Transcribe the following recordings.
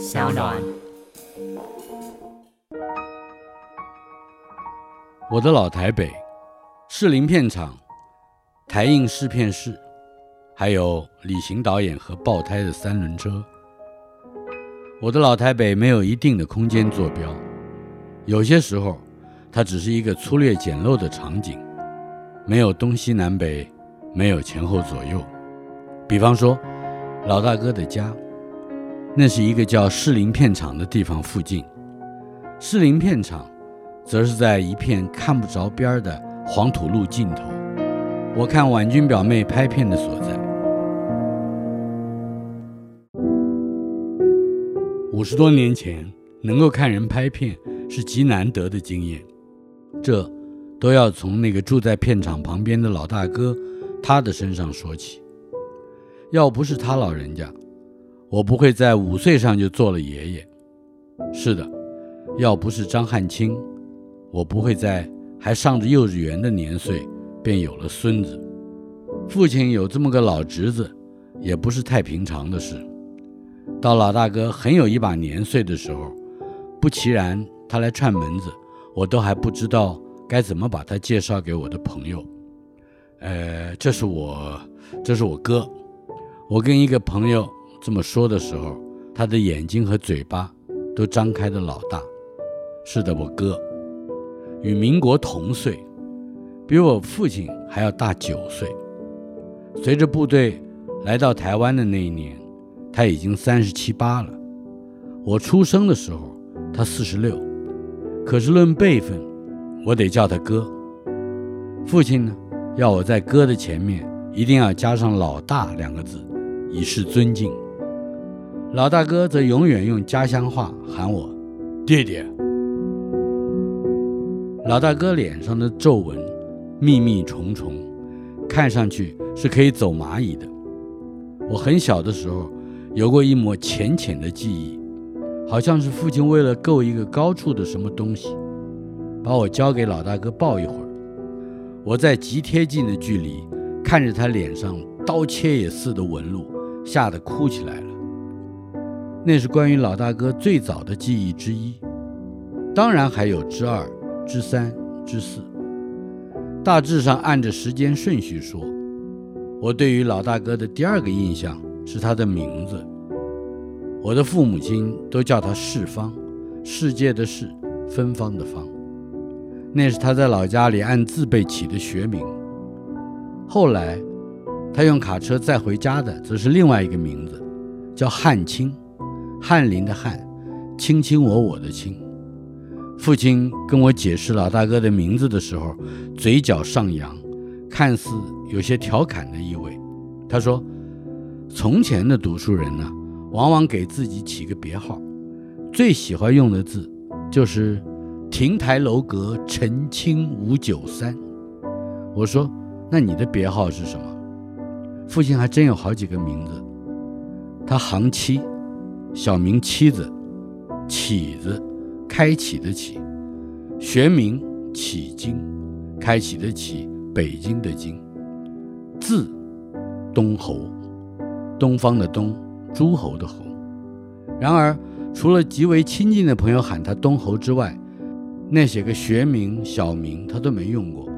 SoundOn。我的老台北，士林片場、台映試片室，還有李行導演和爆胎的三輪車。我的老台北沒有一定的空間坐標，有些時候它只是一個粗略簡陋的場景，沒有東西南北，沒有前後左右。比方說老大哥的家。那是一個叫士林片場的地方附近，士林片場，則是在一片看不着邊兒的黃土路盡頭。我看婉君表妹拍片的所在。五十多年前，能夠看人拍片是極難得的經驗，這都要從那個住在片場旁邊的老大哥他的身上說起。要不是他老人家。我不會在五歲上就做了爺爺。是的，要不是張漢卿，我不會在還上着幼稚園的年歲便有了孫子。父親有這麼個老侄子，也不是太平常的事。到老大哥很有一把年歲的時候，不期然他來串門子，我都還不知道該怎麼把他介紹給我的朋友。呃，這是我，這是我哥。我跟一個朋友。這麼說的時候，他的眼睛和嘴巴都張開的老大。是的，我哥與民國同歲，比我父親還要大九歲。隨着部隊來到台灣的那一年，他已經三十七八了。我出生的時候，他四十六。可是論輩分，我得叫他哥。父親呢，要我在哥的前面一定要加上老大兩個字，以示尊敬。老大哥則永遠用家鄉話喊我“爹爹”。老大哥臉上的皺紋密密重重，看上去是可以走螞蟻的。我很小的時候，有過一抹淺淺的記憶，好像是父親為了夠一個高處的什麼東西，把我交給老大哥抱一會兒。我在極貼近的距離看着他臉上刀切也似的紋路，嚇得哭起來了。那是關於老大哥最早的記憶之一，當然還有之二、之三、之四，大致上按着時間順序說。我對於老大哥的第二個印象是他的名字，我的父母親都叫他世芳，世界的世，芬芳的芳，那是他在老家裡按字輩起的學名。後來，他用卡車載回家的則是另外一個名字，叫漢卿。翰林的翰，卿卿我我的卿，父親跟我解釋老大哥的名字的時候，嘴角上揚，看似有些調侃的意味。他說：“從前的讀書人呢、啊，往往給自己起個別號，最喜歡用的字就是‘亭台樓閣陳清五九三’。”我說：“那你的別號是什麼？”父親還真有好幾個名字，他行七。小名啟子，啟子，開啟的啟，學名啟京，開啟的啟，北京的京，字東侯，東方的東，諸侯的侯。然而，除了極為親近的朋友喊他東侯之外，那些個學名、小名他都沒用過。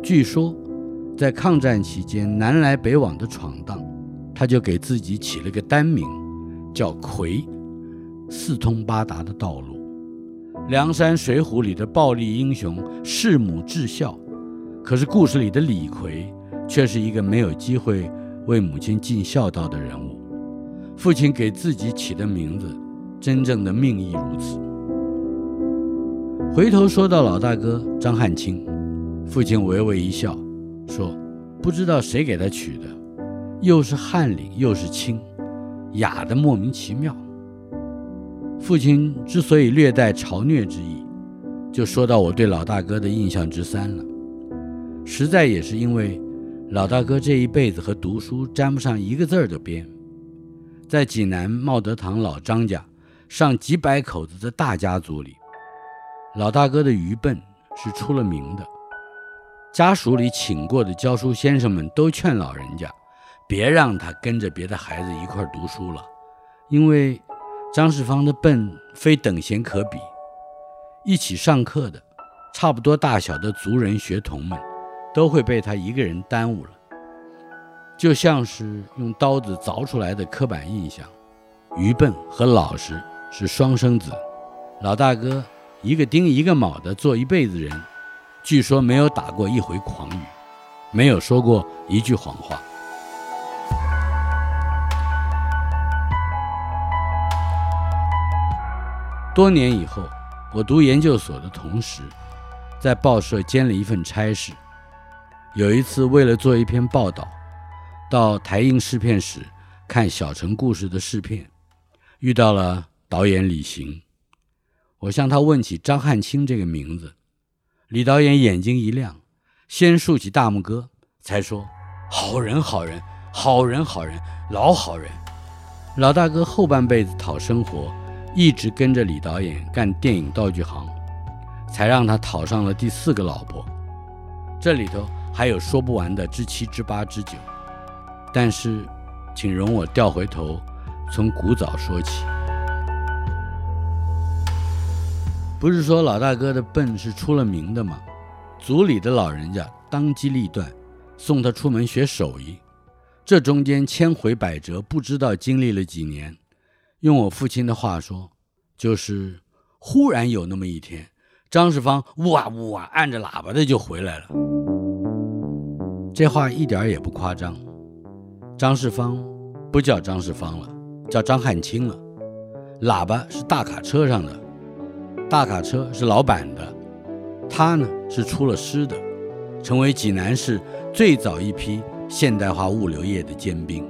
據說，在抗戰期間南來北往的闖蕩，他就給自己起了個單名。叫逵，四通八達的道路，《梁山水滸》裡的暴力英雄弒母至孝，可是故事裡的李逵卻是一個沒有機會為母親盡孝道的人物。父親給自己起的名字，真正的命亦如此。回頭說到老大哥張漢卿，父親微微一笑說：“不知道誰給他取的，又是翰林，又是卿。”雅的莫名其妙。父親之所以略帶嘲謔之意，就說到我對老大哥的印象之三了。實在也是因為老大哥這一輩子和讀書沾不上一個字兒的邊。在濟南茂德堂老張家上幾百口子的大家族裡，老大哥的愚笨是出了名的。家屬裡請過的教書先生們都勸老人家。別讓他跟着別的孩子一塊兒讀書了，因為張士芳的笨非等閒可比。一起上課的差不多大小的族人學童們，都會被他一個人耽誤了。就像是用刀子鑿出來的刻板印象，愚笨和老實是雙生子。老大哥一個丁一個卯的做一輩子人，據說沒有打過一回誑語，沒有說過一句謊話。多年以後，我讀研究所的同時，在報社兼了一份差事。有一次，為了做一篇報道，到台映試片室看《小城故事》的試片，遇到了導演李行。我向他問起張漢卿這個名字，李導演眼睛一亮，先豎起大拇哥，才說：“好人，好人，好人，好人，老好人，老大哥，後半輩子討生活。”一直跟着李導演幹電影道具行，才讓他討上了第四個老婆。這裡頭還有說不完的之七、之八、之九。但是，請容我調回頭，從古早說起。不是說老大哥的笨是出了名的嗎？族裡的老人家當機立斷，送他出門學手藝。這中間千迴百折，不知道經歷了幾年。用我父親的話說，就是，忽然有那麼一天，張士芳嗚啊嗚啊按着喇叭的就回來了。這話一點也不誇張。張士芳不叫張士芳了，叫張漢卿了。喇叭是大卡車上的，大卡車是老板的，他呢是出了師的，成為濟南市最早一批現代化物流業的尖兵。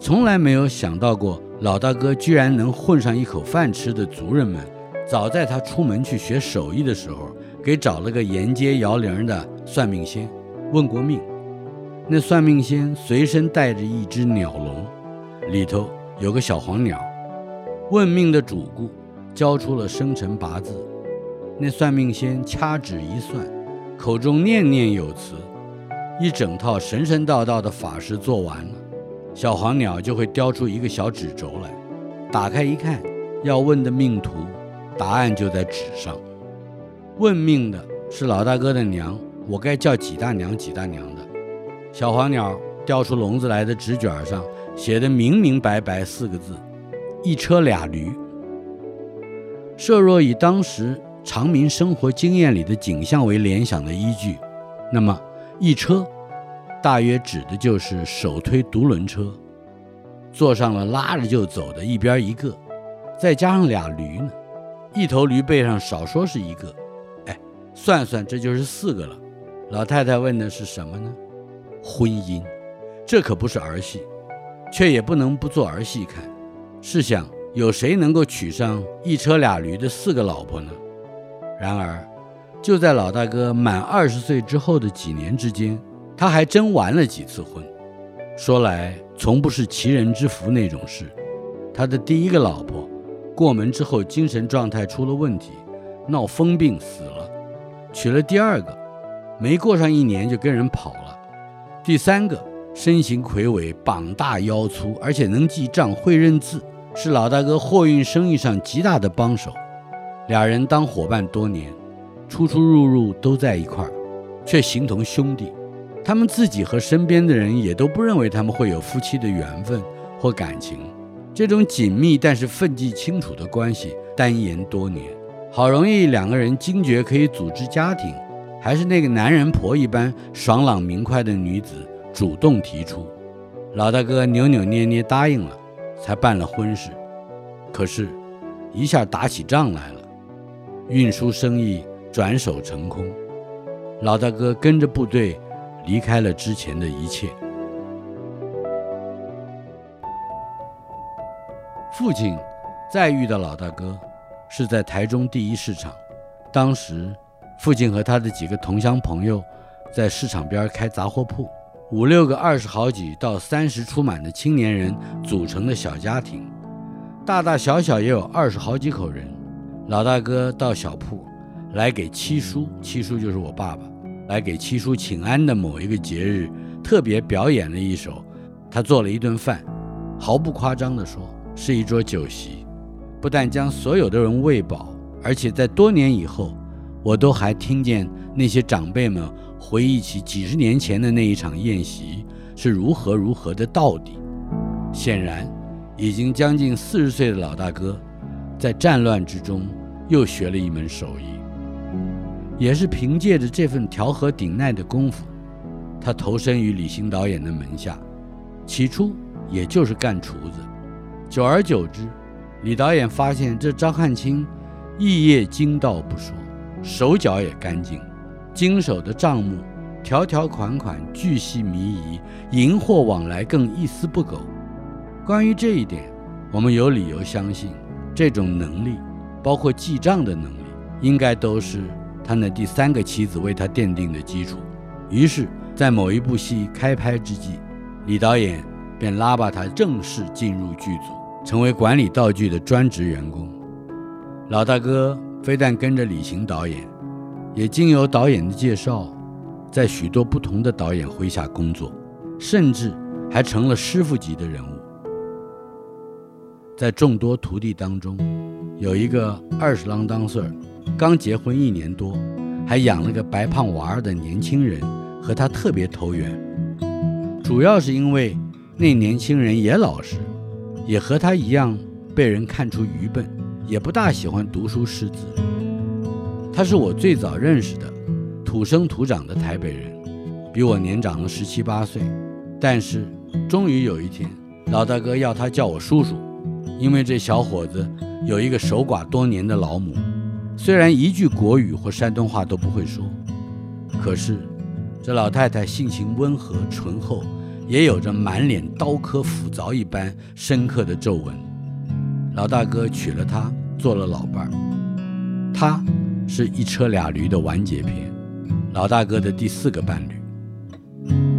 從來沒有想到過。老大哥居然能混上一口飯吃的族人們，早在他出門去學手藝的時候，給找了個沿街搖鈴的算命仙，問過命。那算命仙隨身帶着一只鳥籠，裡頭有個小黃鳥。問命的主顧交出了生辰八字，那算命仙掐指一算，口中念念有詞，一整套神神道道的法事做完了。小黃鳥就會叼出一個小紙軸來，打開一看，要問的命途，答案就在紙上。問命的是老大哥的娘，我該叫幾大娘幾大娘的。小黃鳥叼出籠子來的紙卷上寫得明明白白四個字：一車倆驢。設若以當時常民生活經驗裡的景象為聯想的依據，那麼一車。大約指的就是手推獨輪車，坐上了拉着就走的一邊一個，再加上倆驢呢，一頭驢背上少說是一個，哎，算算這就是四個了。老太太問的是什麼呢？婚姻，這可不是兒戲，卻也不能不做兒戲看。試想，有誰能夠娶上一車倆驢的四個老婆呢？然而，就在老大哥滿二十歲之後的幾年之間。他還真完了幾次婚，說來從不是齊人之福那種事。他的第一個老婆過門之後，精神狀態出了問題，鬧瘋病死了。娶了第二個，沒過上一年就跟人跑了。第三個身形魁偉，膀大腰粗，而且能記賬會認字，是老大哥貨運生意上極大的幫手。倆人當夥伴多年，出出入入都在一塊兒，卻形同兄弟。他們自己和身邊的人也都不認為他們會有夫妻的緣分或感情，這種緊密但是分際清楚的關係，單言多年，好容易兩個人驚覺可以組織家庭，還是那個男人婆一般爽朗明快的女子主動提出，老大哥扭扭捏捏，捏答應了，才辦了婚事。可是，一下打起仗來了，運輸生意轉手成空，老大哥跟着部隊。離開了之前的一切。父親再遇到老大哥，是在台中第一市場。當時，父親和他的幾個同鄉朋友在市場邊開雜貨鋪，五六個二十好幾到三十出滿的青年人組成的小家庭，大大小小也有二十好幾口人。老大哥到小鋪來給七叔，七叔就是我爸爸，來給七叔請安的某一個節日，特別表演了一手。他做了一頓飯，毫不誇張地說，是一桌酒席。不但將所有的人餵飽，而且在多年以後，我都還聽見那些長輩們回憶起幾十年前的那一場宴席是如何如何的道地。顯然，已經將近四十歲的老大哥，在戰亂之中又學了一門手藝。也是憑借着這份調和鼎鼐的功夫，他投身於李行導演的門下。起初也就是幹廚子，久而久之，李導演發現這張漢卿，藝業精到不說，手腳也乾淨，經手的賬目條條款款、巨細靡遺，銀貨往來更一絲不苟。關於這一點，我們有理由相信，這種能力，包括記賬的能力，應該都是，他的第三個妻子為他奠定的基礎，於是，在某一部戲開拍之際，李導演便拉拔他正式進入劇組，成為管理道具的專職員工。老大哥非但跟着李行導演，也經由導演的介紹，在許多不同的導演麾下工作，甚至還成了師傅級的人物。在眾多徒弟當中，有一個二十啷噹歲剛結婚一年多，還養了個白胖娃兒的年輕人，和他特別投緣，主要是因為那年輕人也老實，也和他一樣被人看出愚笨，也不大喜歡讀書識字。他是我最早認識的，土生土長的台北人，比我年長了十七八歲。但是終於有一天，老大哥要他叫我叔叔，因為這小夥子有一個守寡多年的老母。雖然一句國語或山東話都不會說，可是這老太太性情溫和淳厚，也有着滿臉刀刻斧鑿一般深刻的皺紋。老大哥娶了她，做了老伴兒，她是一車倆驢的完結篇，老大哥的第四個伴侶。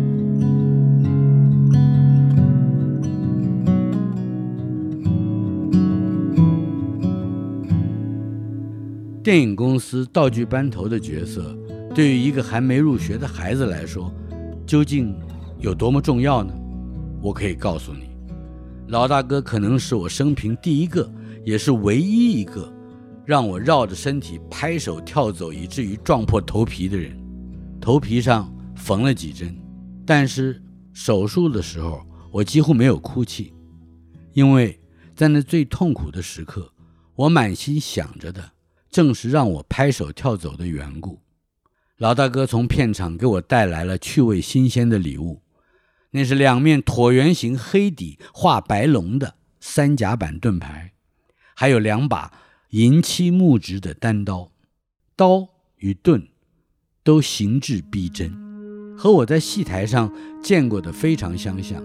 電影公司道具班頭的角色，對於一個還沒入學的孩子來說，究竟有多麼重要呢？我可以告訴你，老大哥可能是我生平第一個，也是唯一一個讓我繞着身體拍手跳走，以至於撞破頭皮的人。頭皮上縫了幾針，但是手術的時候我幾乎沒有哭泣，因為在那最痛苦的時刻，我滿心想着的，正是讓我拍手跳走的緣故，老大哥從片場給我帶來了趣味新鮮的禮物，那是兩面橢圓形黑底畫白龍的三夾板盾牌，還有兩把銀漆木質的單刀，刀與盾都形制逼真，和我在戲臺上見過的非常相像，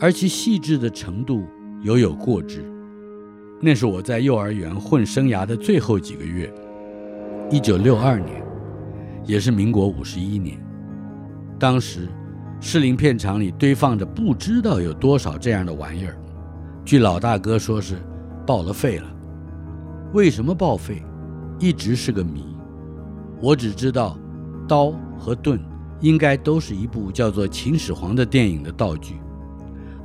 而其細緻的程度猶有過之。那是我在幼兒園混生涯的最後幾個月，一九六二年，也是民國五十一年。當時，士林片場裡堆放着不知道有多少這樣的玩意兒。據老大哥說是，是報了廢了。為什麼報廢，一直是個謎。我只知道，刀和盾應該都是一部叫做《秦始皇》的電影的道具。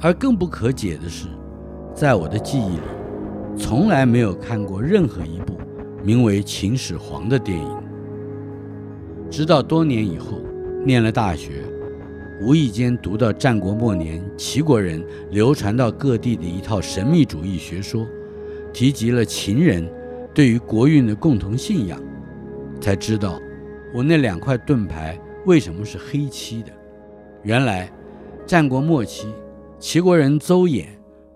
而更不可解的是，在我的記憶裡。從來沒有看過任何一部名為《秦始皇》的電影，直到多年以後，念了大學，無意間讀到戰國末年齊國人流傳到各地的一套神秘主義學說，提及了秦人對於國運的共同信仰，才知道我那兩塊盾牌為什麼是黑漆的。原來，戰國末期，齊國人鄒衍。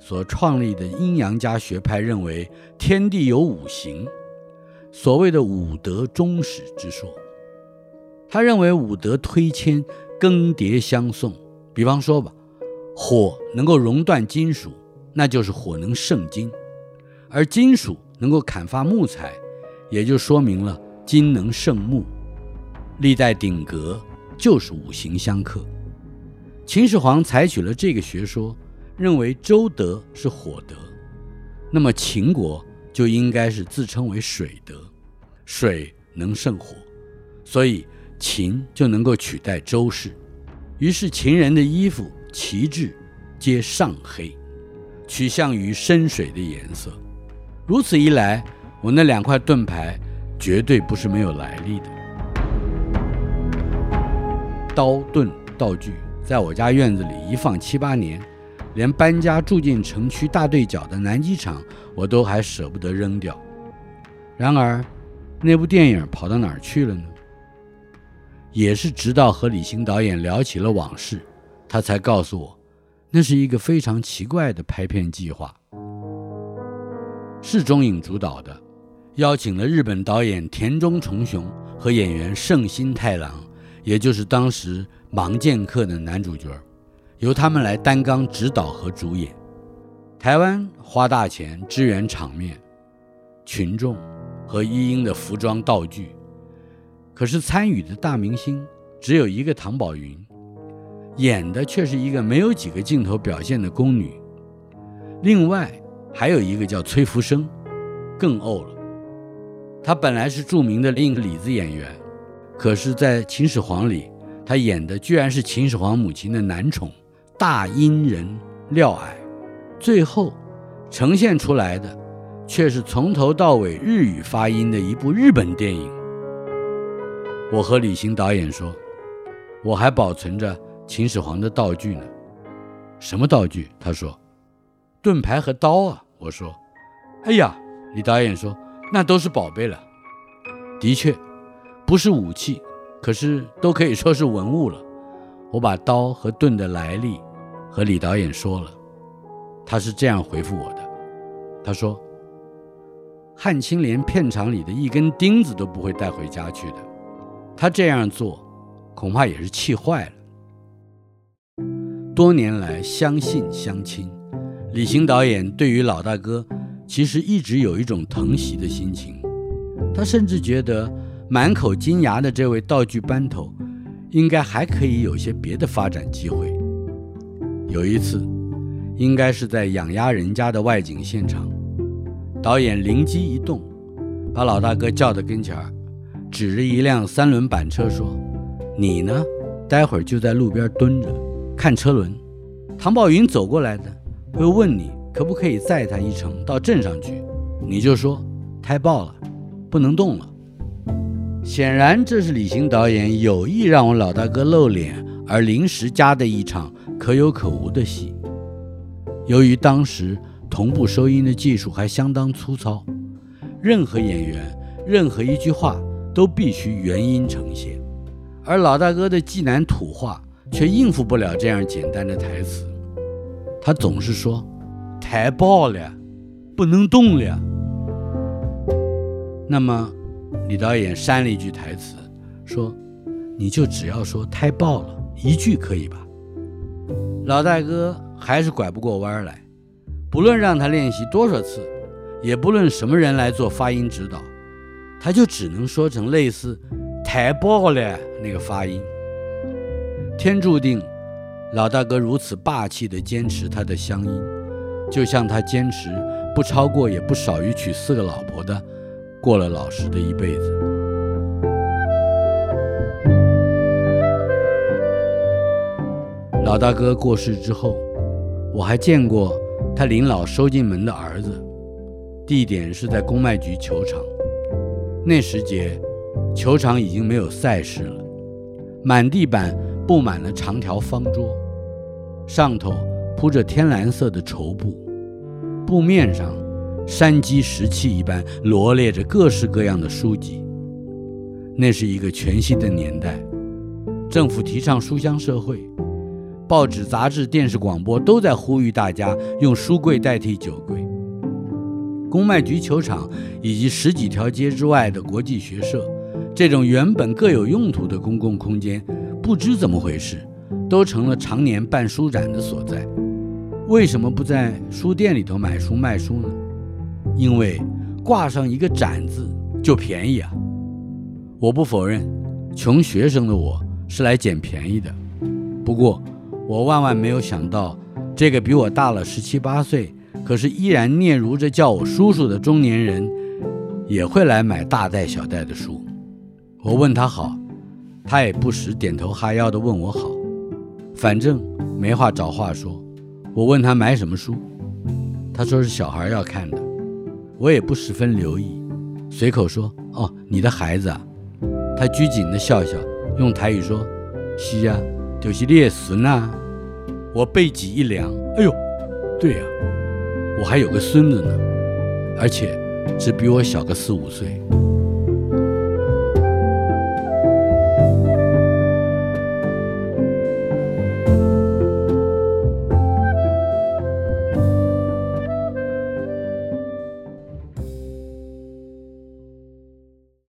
所創立的陰陽家學派認為，天地有五行，所謂的五德終始之說。他認為五德推遷更迭相送。比方說吧，火能夠熔斷金屬，那就是火能勝金；而金屬能夠砍伐木材，也就說明了金能勝木。歷代鼎革就是五行相克。秦始皇採取了這個學說。認為周德是火德，那麼秦國就應該是自稱為水德，水能勝火，所以秦就能夠取代周氏。於是秦人的衣服、旗幟皆上黑，取向於深水的顏色。如此一來，我那兩塊盾牌絕對不是沒有來歷的。刀、盾、道具在我家院子裡一放七八年。連搬家住進城區大隊角的南機場，我都還舍不得扔掉。然而，那部電影跑到哪兒去了呢？也是直到和李行導演聊起了往事，他才告訴我，那是一個非常奇怪的拍片計劃，是中影主導的，邀請了日本導演田中重雄和演員勝新太郎，也就是當時《盲劍客》的男主角。由他們來擔綱指導和主演，台灣花大錢支援場面、群眾和一英的服裝道具，可是參與的大明星只有一個唐寶雲，演的卻是一個沒有幾個鏡頭表現的宮女。另外還有一個叫崔福生，更 out 了，他本來是著名的硬裡子演員，可是，在《秦始皇》裡，他演的居然是秦始皇母親的男寵。大英人廖矮，最後呈現出來的卻是從頭到尾日語發音的一部日本電影。我和李行導演說，我還保存着秦始皇的道具呢。什麼道具？他說，盾牌和刀啊。我說，哎呀，李導演說，那都是寶貝了。的確，不是武器，可是都可以說是文物了。我把刀和盾的來歷和李導演說了，他是這樣回復我的：“他說，漢卿連片場裡的一根釘子都不會帶回家去的。他這樣做，恐怕也是氣壞了。多年來，相信相親，李行導演對於老大哥其實一直有一種疼惜的心情。他甚至覺得滿口金牙的這位道具班頭。”應該還可以有些別的發展機會。有一次，應該是在養鴨人家的外景現場，導演靈機一動，把老大哥叫到跟前兒，指着一輛三輪板車說：“你呢，待會兒就在路邊蹲着，看車輪。唐寶雲走過來呢，會問你可不可以載他一程到鎮上去，你就說胎爆了，不能動了。”顯然，這是李行導演有意讓我老大哥露臉而臨時加的一場可有可無的戲。由於當時同步收音的技術還相當粗糙，任何演員、任何一句話都必須原音呈現，而老大哥的濟南土話却應付不了這樣簡單的台詞。他總是說：“胎爆了，不能動了。”那麼。李導演刪了一句台詞，說：“你就只要說‘胎爆了’一句可以吧？”老大哥還是拐不過彎來，不論讓他練習多少次，也不論什麼人來做發音指導，他就只能說成類似“胎爆了”那個發音。天注定，老大哥如此霸氣地堅持他的鄉音，就像他堅持不超過也不少於娶四個老婆的。過了老實的一輩子。老大哥過世之後，我還見過他臨老收進門的兒子。地點是在公賣局球場。那時節，球場已經沒有賽事了，滿地板布滿了長條方桌，上頭鋪着天藍色的綢布，布面上，山積石器一般羅列着各式各樣的書籍，那是一個全新的年代。政府提倡書香社會，報紙、雜誌、電視、廣播都在呼籲大家用書櫃代替酒櫃。公賣局、球場以及十幾條街之外的國際學社，這種原本各有用途的公共空間，不知怎麼回事，都成了常年辦書展的所在。為什麼不在書店裡頭買書賣書呢？因為掛上一個“展”字就便宜啊！我不否認，窮學生的我是來撿便宜的。不過，我萬萬沒有想到，這個比我大了十七八歲，可是依然囁嚅着叫我叔叔的中年人，也會來買大袋小袋的書。我問他好，他也不時點頭哈腰的問我好，反正沒話找話說。我問他買什麼書，他說是小孩要看的。我也不十分留意，隨口說：“哦，你的孩子啊。”他拘謹地笑笑，用台語說：“是呀，就是列孫吶。”我背脊一涼，“哎呦，對呀、啊，我還有個孫子呢，而且只比我小個四五歲。”